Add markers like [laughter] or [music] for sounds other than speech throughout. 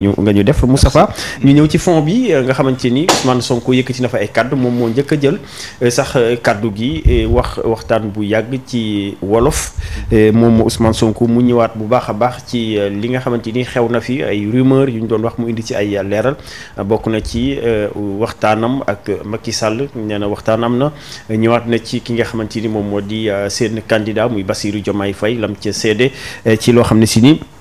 ñu nga ñu def Moustapha ñu ñëw ci fond bi euh, nga xamante ni Ousmane Sonko yëkkati na fa ay kaddu moom moo njëkk a jël euh, sax euh, kàddu gi wax waxtaan bu yàgg ci wolof moom Ousmane Sonko mu ñëwaat bu baax a baax ci li nga xamante ni xew na fi ay rumeur yu ñu doon wax mu indi ci ay leeral bokk na ci waxtaanam ak Macky Sall nee na waxtaanam na ñëwaat na ci ki nga xamante ni moom moo di seen kandidaa muy Bassirou Diomaye fay lam ca seede ci loo xam ne si nii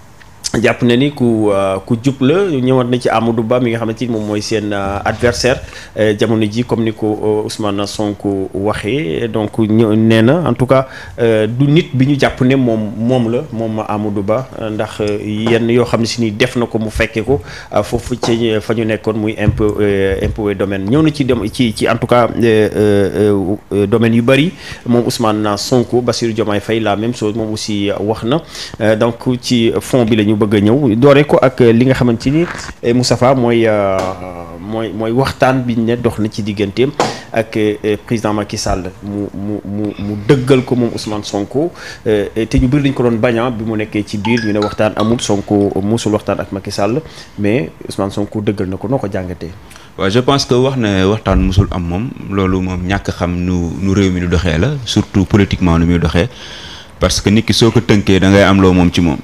jàpp na ni ku euh, ku jub la ñëwaat na ci Amadou Ba mi nga xamante ni moom mooy seen euh, adversaire euh, jamono ji comme ni ko Ousmane Sonko waxee donc ñu nee na en tout cas du nit bi ñu jàpp ne moom moom la moom Amadou Ba ndax yenn yoo xam ne si ni def na ko mu fekkee ko foofu ci fa ñu nekkoon muy impôt impôt domaine ñëw na ci dem ci ci en tout cas domaine yu bëri moom Ousmane Sonko Bassirou Diomaye fay la même chose moom aussi wax na donc ci fond bi la bëgg bëgg a ñëw doore ko ak euh, li nga xamante ni euh, Moustapha mooy euh, mooy mooy waxtaan bi ne dox na ci digganteem ak président Macky Sall mu mu mu mu dëggal ko moom Ousmane Sonko te ñu bëri dañ ko doon baña ah, bi mu nekkee ci biir ñu ne waxtaan amul Sonko musul waxtaan ak Macky Sall mais Ousmane Sonko dëggal na ko noo ko jàngatee. waaw je pense que wax ne waxtaan mosul am moom loolu moom ñàkk xam nu nu réew mi nu doxee la surtout politiquement nu muy doxee parce que nit ki soo ko tënkee da ngay am loo moom ci moom.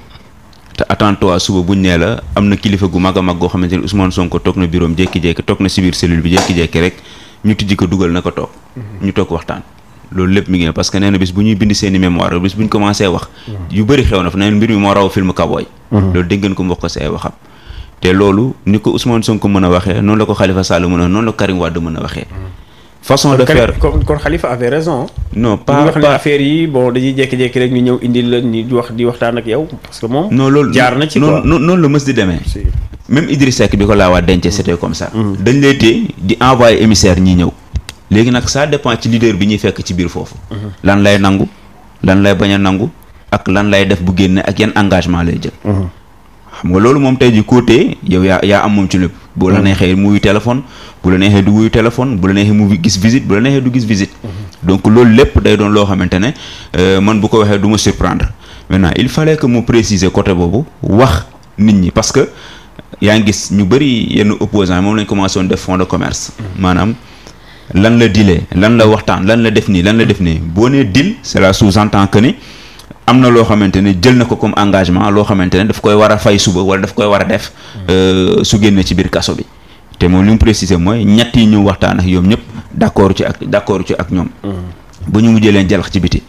te attends-toi suba buñ nee la am na kilifa gu mag a mag goo xamante ni Ousmane Sonko toog na bureau am jékki toog na si biir bi jékki-jékki rek ñu tijji ko dugal na ko toog. Mhm. ñu toog waxtaan. loolu lépp mi ngi ne parce que nee bis bu ñuy bind seen i bis bu ñu commencé wax. Mhm. yu bëri xew na fa nee mbir mi moo raw film Kaboy. Mhm. loolu dégg ngeen ko mboq ay waxam. te loolu ni ko Ousmane Sonko mën a waxee noonu la ko Khalifa Sall non pas wax ne affaire yi bon dañuy jékki-jékki rek ñu ñëw indil la ñu wax di waxtaan ak yow parce que moom. non loolu jaar na ci quoi noonu noonu la mës di demee. même Idrissa Seck bi ko laawaa dencee c'était comme ça. Mm. dañ lay téye di envoyer émissaire ñi ñëw. léegi nag sa dépend ci leader bi ñuy fekk ci biir foofu. Mm-hmm. lan lay nangu lan lay bañ a nangu. ak lan lay def bu génne ak yenn engagement lay jël. Mm-hmm. xam nga loolu moom tey ji côté yow yaa yaa am moom ci lépp bu la mm-hmm. neexee mu wuyu téléphone bu la neexee du téléphone bu la neexee mu gis visite bu la neexee du gis visite mm-hmm. donc loolu lépp day doon loo xamante ne euh, man bu ko waxee du ma surprendre maintenant il fallait que mu préciser côté boobu wax nit ñi parce que yaa ngi gis ñu bëri yenn opposants moom lañ commencé woon def fonds de commerce mm-hmm. maanaam lan la dilee lan la waxtaan lan la def nii lan la def nii boo nee dil cela sous-entend que ni am na loo xamante ni jël na ko comme engagement loo xamante ne dafa koy war a fay suba wala daf koy war a def euh, su génnee ci biir kaso bi te moom lu mu préciser mooy ñett yi ñëw waxtaan ak yoom ñëpp d'accord ci ak d'accord ci ak ñoom mm. ba ñu mujjee leen jalax ci biti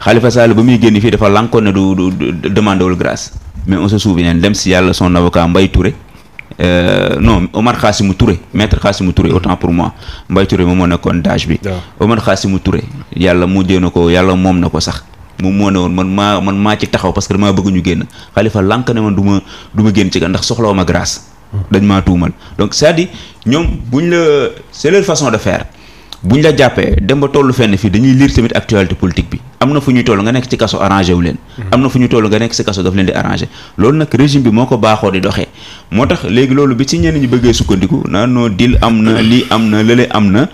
Khalifa Sall ba muy génne fii dafa lànkoon na du du demandé wul grâce mais on se neen dem si yàlla son avocat Mbaye Touré Euh, mu ture Khassimou Touré maître Khassimou Touré autant pour moi Mbaye Touré moom moo nekkoon daaj bi Omar Khassimou Touré yàlla mujjee na ko yàlla moom na ko sax moom moo ne woon man maa man maa ci taxaw parce que damaa bëgg ñu génn xalifa lànk ne man du ma du ma génn ci kan maa tuumal donc c'est-à-dire ñoom buñ la c'est façon de faire buñ la jàppee dem ba tollu fenn fii dañuy lire tamit actualité politique bi am na fu ñuy toll nekk ci kaso arrangé wu leen am na fu ñuy toll nga nekk ci kaso daf leen di arrangé loolu nag régime bi moo ko baaxoo di doxee moo tax léegi loolu bi ci ñenn ñi bëggee sukkandiku naan noo dil am na lii am na lële am na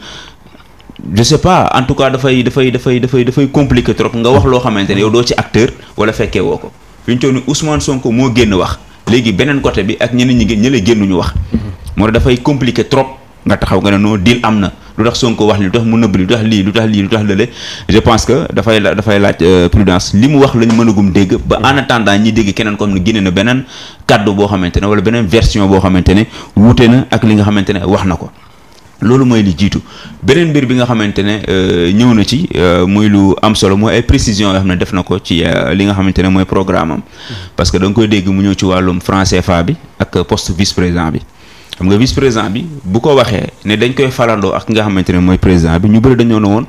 je sais pas en tout cas dafay dafay dafay dafay dafay compliqué trop nga wax loo xamante ne yow doo ci acteur wala fekke woo ko fi ñu toog ni Ousmane Sonko moo génn wax léegi beneen côté bi ak ñeneen ñi gén ñële génnuñu wax moo tax dafay compliqué trop nga taxaw nga ne non deal am na lu tax Sonko wax li lu tax mu nëbb li lu tax lii lu tax lii lu tax lële je pense que dafay dafay laaj euh, prudence li mu wax lañu mën agum dégg ba en attendant ñi dégg keneen comme ni génne na beneen kàddu boo xamante ne wala beneen version boo xamante ne wuute na ak li nga xamante ne wax na ko loolu mooy li jiitu beneen mbir bi nga xamante ne euh, ñëw na ci euh, muy lu am solo mooy ay précisions yoo xam ne def na ko ci euh, li nga xamante ne mooy programme am mm-hmm. parce que da koy dégg mu ñëw ci wàllum franc CFA bi ak poste vice président bi xam nga vice président bi bu ko waxee ne dañ koy falandoo ak ki nga xamante ne mooy président bi ñu bëri dañoo ne woon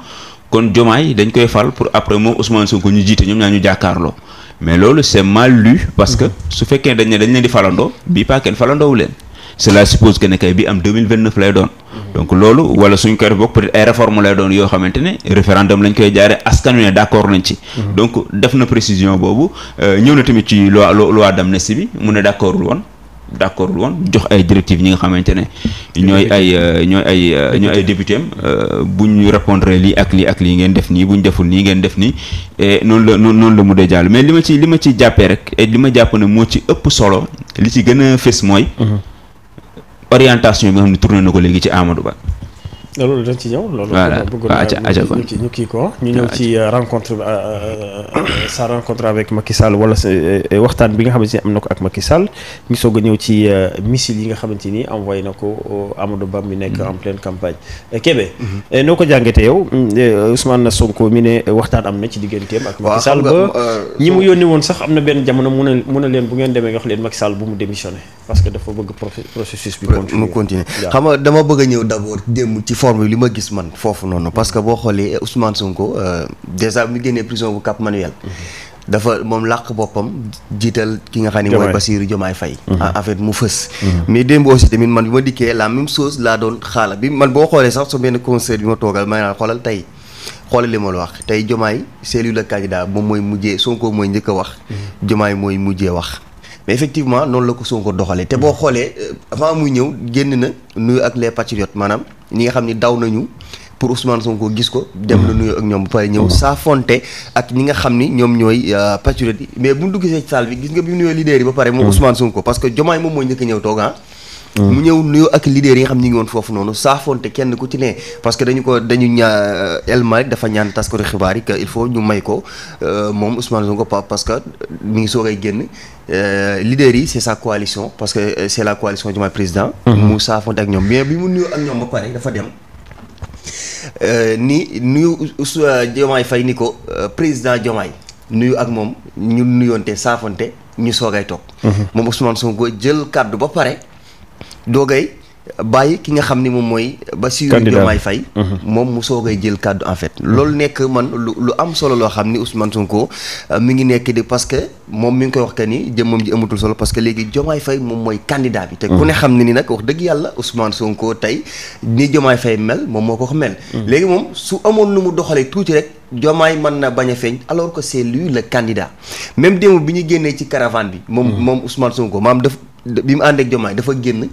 kon jomaay dañ koy fal pour après moom Ousmane Sonko ñu jiite ñoom ñaa ñu jàkkaarloo mais loolu c'est mal lu parce que mm-hmm. su fekkee dañ ne dañ leen di falandoo bii pas kenn falandoowu leen. cela suppose que ne kay bi am 2029 lay doon donc loolu wala suñ koy def bokk peut être ay réforme lay doon yoo xamante ne référendum lañ koy jaare askan wi ne d'accord nañ ci mhm. donc def na précision boobu euh, ñëw na tamit ci loi loi d'amnistie bi mu ne d'accordul woon d'accordul woon jox ay directives ñi nga xamante ne ñooy ay euh, ñooy ay euh, ñooy ay député am bu ñu répondre lii ak lii ak lii ngeen def nii bu ñu deful nii ngeen def nii et noonu la noonu la mu dee jàll mais li ma ci li ma ci jàppee rek li ma jàpp ne moo ci ëpp solo li ci gën a fës mooy mhm. orientation bi nga xam ne tourné na ko léegi ci Amadou Ba loolu dañ ci ñëw loolu bëgg naa ñu kii ñu kii ñëw ci euh, rencontre euh, euh, [coughs] sa waxtaan bi nga xamante ni am na ko ak Macky Sall ñu soog a ñëw ci missile yi nga xamante ni envoyé na ko Amadou Ba mi nekk en mhm. pleine campagne Kébé mhm. noo ko jàngatee yow mm, Ousmane Sonko mi ne waxtaan am na ci digganteem ak Macky Sall ba ñi mu am na benn jamono mu ne mu leen bu ngeen wax leen Macky Sall bu mu démissionné parce que dafa bëgg processus bi continuer xam dama bëgg a ñëw d'abord démb ci forme bi li ma gis man foofu noonu parce que boo xoolee Ousmane Sonko euh, déjà mi génnee mhm. dafa moom làq boppam jiital ki nga xam ne mooy Bassirou Diomaye Faye mhm. ah, en fait mu fës mhm. mais démb aussi tamit man bi ma dikkee la même chose laa doon xaala bi man boo xoolee sax su benn concert bi ma toogal may naan xoolal tey xoolal li ma la wax tey Diomaye cellule la candidat moom mooy mujjee Sonko mooy njëkk a wax Diomaye mooy mujjee wax mais effectivement noonu la ko Sonko doxalee te boo xoolee euh, avant muy ñëw génn na nuyu ak les patriotes maanaam ñi nga xam ni daw nañu pour Ousmane Sonko gis ko. dem na hmm. nuyoo ak ñoom ba pare ñëw hmm. saa fonte ak ñi nga xam ni ñoom ñooy euh, patriote yi mais bu ñu dugg see salle bi gis nga bi mu nuyoo leader ba pare. moom hmm. Ousmane Sonko parce que Jomaay moom moo njëkk ñëw toog ah. mu ñëw nuyoo ak leader yi xam ñu ngi woon foofu noonu saafoonte kenn ku ne parce que dañu ko dañu ñaa El euh, dafa ñaan taskatu xibaar yi que il faut ñu may ko euh, moom Ousmane Sonko pa parce que mi ngi soogay génn euh, leader yi c'est sa coalition parce que c'est la coalition du président. mu saafoonte ak ñoom mais bi mu nuyoo ak ñoom ba pare dafa dem. ni nuyu Diomaye Faye ni ko président Diomaye nuyu ak moom ñu nuyoonte saafoonte ñu soogay toog. moom Ousmane Sonko jël kàddu ba pare. doogay bàyyi ki nga xam ni moom mooy Bassirou Diomaye Faye mhm. moom mu soogay jël kàddu en fait loolu nekk man lu lu am solo loo xam ni Ousmane Sonko euh, mi ngi nekk di parce que moom mi ngi koy wax que ni jëmmam ji amatul solo parce que léegi Diomaye Faye moom mooy candidat te ku ne mhm. xam ne ni nag wax dëgg yàlla Ousmane tey ni Diomaye Faye mel moom moo ko ko mel mhm. léegi moom su amoon nu mu doxalee tuuti rek Diomaye mën na bañ a feeñ alors que c'est lui le candidat même démb bi ñu génnee ci caravane bi moom moom Ousmane Sonko maam daf bi mu ànd ak dafa génn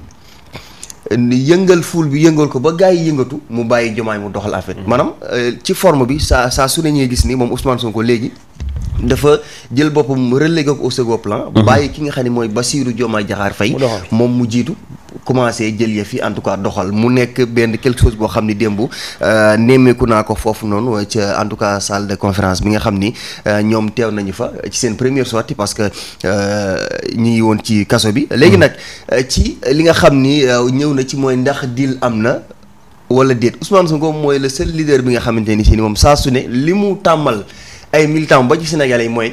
yëngal fuul bi yëngal ko ba gars yëngatu mu bàyyi jomaay mu doxal affaire maanaam euh, ci forme bi saa saa su ne ñee gis ni moom Ousmane ko léegi dafa jël boppam relégué ko au second plan mhm. bàyyi ki nga xam ne mooy Bassirou Diomaye Diakhar Faye moom mu jiitu commencé jël ya fi en tout cas doxal mu nekk benn quelque chose boo xam ni démb euh, nemmeeku naa ko foofu noonu ca en tout cas salle de conférence bi nga xam ni euh, ñoom teew nañu fa ci seen première sortie parce que euh, ñi ngi woon ci kaso bi. léegi mmh. nag ci li nga xam ni ñëw na ci mooy ndax dil am na. wala déet Ousmane Sonko mooy le seul leader bi nga xamante ni si moom saa su ne li mu tàmbal ay militant ba ci Sénégalais yi mooy.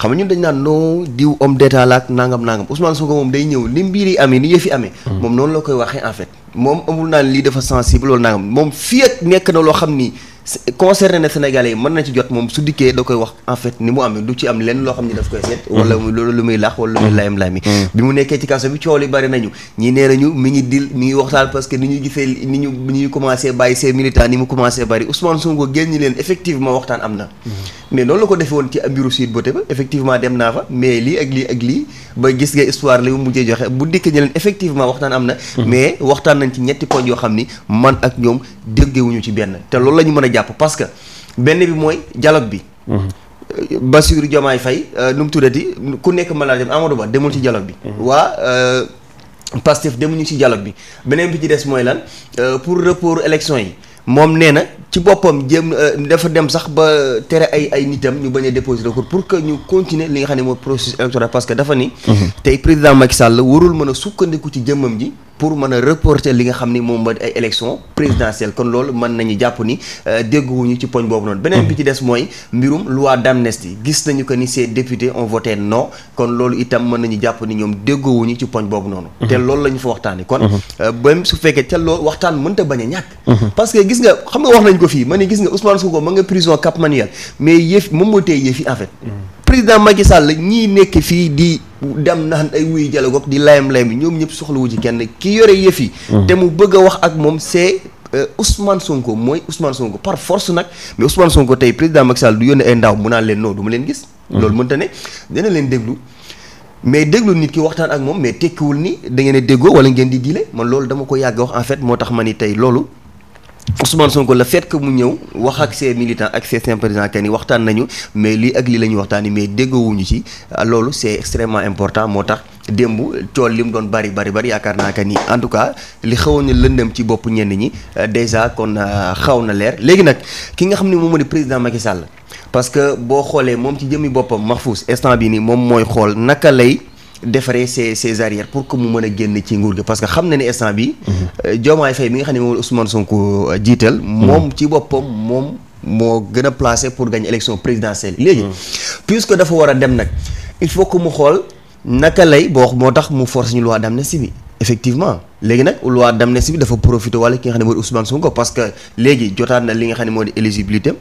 xam nga ñun dañ naan non diw homme d'état la ak nangam nangam Ousmane Sonko moom day ñëw ni mbir yi amee ni yëf yi amee. Mm. moom noonu la koy waxee en fait moom amul naan lii dafa sensible loolu nangam moom fii nekk na loo xam ni. concerné na Sénégalais yi mën na ci jot moom su dikkee da koy wax en fait ni mu amee du ci am lenn loo xam ne daf koy seet wala loolu lu muy lax wala lu muy layam layam yi bi mu nekkee ci kaso bi coow bari nañu ñi nee nañu mi ngi dil mi ngi waxtaan parce ni ñu gisee ni ñu ni ñu commencé bàyyi ses militants ni mu commencé bari Ousmane Sonko génn ñi leen effectivement waxtaan am na mm-hmm. mais lii ak lii ak lii ba gis nga histoire li mu mujjee joxe bu dikkee ñi leen effectivement mm-hmm. yoo xam ni man ak ñoom déggewuñu ci benn a jàpp parce que benn bi mooy dialogue bi. Bassirou Diomaye Faye euh, nu mu tuddati ku nekk mën naa dem Amadou Ba demul ci dialogue bi. Mhm. waa euh, Pastef ñu ci dialogue bi beneen bi ci des mooy lan euh, pour report élection yi. moom nee na ci boppam jëm dafa dem sax ba tere ay ay nitam ñu bañ a déposer recours pour que ñu continuer li nga xam ne mooy processus électoral parce que dafa ni. Mhm. tey président Macky Sall warul mën a sukkandiku ci jëmmam ji. pour mën a reporter li nga xam ni moom mooy ay élection présidentielle kon loolu mën nañu jàpp ni euh, dégguwuñu ci poñ boobu noonu. Mhm. te loolu la ñu fa waxtaanee. kon mhm. euh, même su fekkee ca loolu waxtaan mënta bañ a ñàkk. Mhm. parce gis nga xam nga wax nañ ko fii ma ne gis nga Ousmane Sonko ma nga prison Cap Manuel mais yëf moom moo tee yëf yi président Macky Sall nekk fii di. dem naan ay wuy dialogue di layam-layam yi ñoom ñëpp soxlawu ci kenn ki yore yëf yi mm-hmm. te mu bëgg wax ak moom c'est euh, Ousmane Sonko mooy usman Sonko par force nag mais Ousmane Sonko tey président Macky Sall du yónnee ay ndaw mu naa leen noo duma leen gis mm-hmm. loolu mënta ne dina leen déglu mais déglu nit ki waxtaan ak moom mais tekkiwul ni da ngeen a déggoo wala ngeen di diile man loolu dama ko yàgg wax en fait moo tax ma ni tey loolu Ousmane Sonko le la que mu ñëw wax ak ses militant ak ses sympathisants que ni waxtaan nañu mais lii ak lii la ñuy waxtaani mais déggoowuñu ci ah, loolu c'est extrêmement important moo tax démb tool li mu doon bari bari bari yaakaar naa que ni en tout cas li xawoon na lëndëm ci bopp ñenn ñi euh, déjà kon euh, xaw na leer léegi nag ki nga xam ni moom moo di président Macky Sall parce que boo xoolee moom ci jëmmi boppam Mahfouz instant bi nii moom mooy xool naka lay. defaree ses ses arrières pour que mu mën a génn ci nguur gi parce que xam na ne instant bi mhm. euh, Diomaye Faye mi nga xam ne moom Ousmane Sonko euh, jiital mhm. moom ci boppam moom moo gën a placé pour gagner élection présidentielle léegi mhm. que dafa war a dem nag il faut que mu xool naka lay boo moo tax mu force ñu luwaa loi d'amnistie bi effectivement léegi nag loi d'amnistie bi dafa profité wala ki nga xam ne moo di Ousmane Sonko parce que léegi jotaat na li nga xam ne moo di éligibilité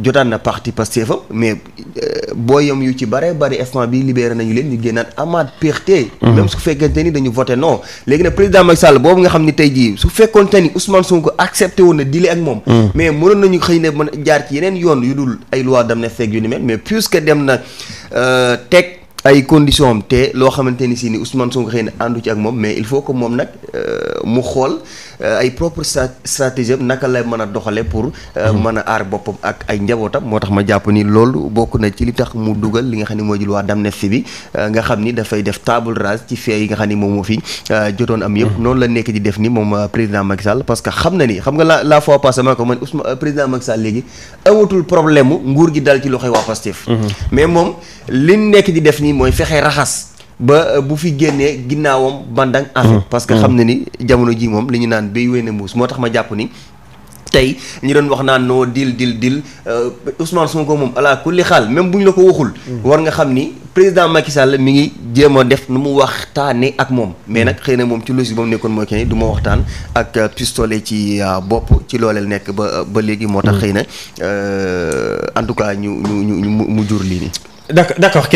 jotaat na parti Pastef am mais euh, boo booyam yu ci bare bari f bi libéré nañu leen ñu génnaat amaat perte. Mhm. même su fekkente ni dañu voté non. léegi nag président Macky Sall boobu nga xam ne tey jii su fekkonte ni Ousmane Sonko accepté woon na dile ak moom. Mhm. mais mënoon nañu xëy ne man jaar ci yeneen yoon yu dul ay loi d'amnistie yu ni mel mais que dem na euh, teg. ay condition am te loo xamante ni si ni Ousmane Sonko xëy na àndu ci ak moom mais il faut que moom nag euh, mu xool euh, ay propre stratégie naka lay mën a doxale pour euh, hmm. mën a aar boppam ak ay njabootam moo tax ma jàpp nii loolu bokk na ci li tax mu dugal li nga xam ne mooy loi d'amnistie bi euh, nga xam ni dafay def table rase ci fee yi nga xam ni moom moo fi jotoon am yëpp hmm. noonu la nekk di def ni moom président Macky Sall parce que xam na nii xam nga la la fois passée ma ko man Ousmane président Macky léegi amatul problème mu nguur gi dal ci loxoy waa Pastef hmm. mais di def nii mooy fexe raxas ba euh, bu fi génnee ginnaawam bandang en fait hmm. parce que xam hmm. na ni jamono ji moom li ñu naan bay wéene muus moo tax ma jàpp ni tey ñu doon wax naan noo dil dil dil euh, Ousmane Sonko moom alaa kulli xaal même bu ñu la ko waxul hmm. war nga xam ni président Macky Sall mi ngi jéem a def nu mu waxtaane ak moom mais nag xëy na moom ci logique ba nekkoon mooy que ni waxtaan ak euh, pistolet ci bopp ci looleel nekk ba ba léegi moo tax xëy na en tout cas ñu ñu ñu mu jur lii nii